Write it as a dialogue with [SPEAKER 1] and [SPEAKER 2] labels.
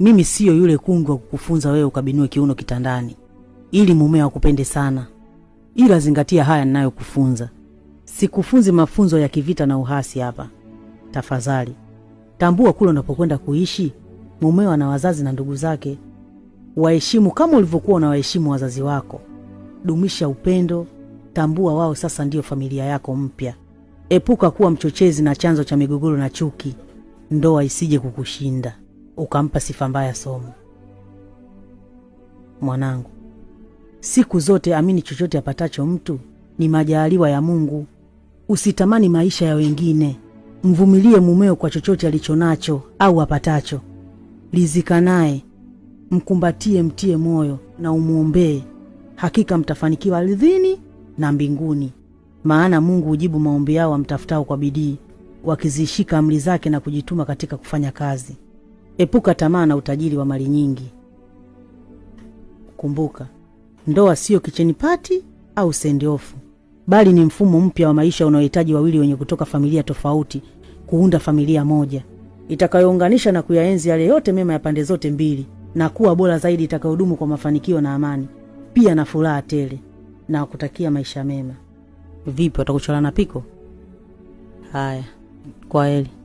[SPEAKER 1] Mimi siyo yule kungwi wa kukufunza wewe ukabinue kiuno kitandani ili mumea akupende sana, ila zingatia haya ninayokufunza. Sikufunzi mafunzo ya kivita na uhasi hapa. Tafadhali tambua kule unapokwenda kuishi mumeo ana wazazi na ndugu zake, waheshimu kama ulivyokuwa unawaheshimu wazazi wako. Dumisha upendo, tambua wao sasa ndiyo familia yako mpya. Epuka kuwa mchochezi na chanzo cha migogoro na chuki, ndoa isije kukushinda ukampa sifa mbaya somo. Mwanangu, siku zote amini chochote apatacho mtu ni majaaliwa ya Mungu. Usitamani maisha ya wengine, mvumilie mumeo kwa chochote alichonacho au apatacho. Lizika naye, mkumbatie, mtie moyo na umwombee. Hakika mtafanikiwa ardhini na mbinguni, maana Mungu hujibu maombi yao wamtafutao kwa bidii, wakizishika amri zake na kujituma katika kufanya kazi. Epuka tamaa na utajiri wa mali nyingi. Kumbuka, ndoa siyo kicheni pati au sendiofu bali ni mfumo mpya wa maisha unaohitaji wawili wenye kutoka familia tofauti kuunda familia moja itakayounganisha na kuyaenzi yale yote mema ya pande zote mbili na kuwa bora zaidi, itakayodumu kwa mafanikio na amani pia na furaha tele, na wakutakia maisha mema.
[SPEAKER 2] Vipi, watakucholana piko?
[SPEAKER 1] Haya, kwa heri.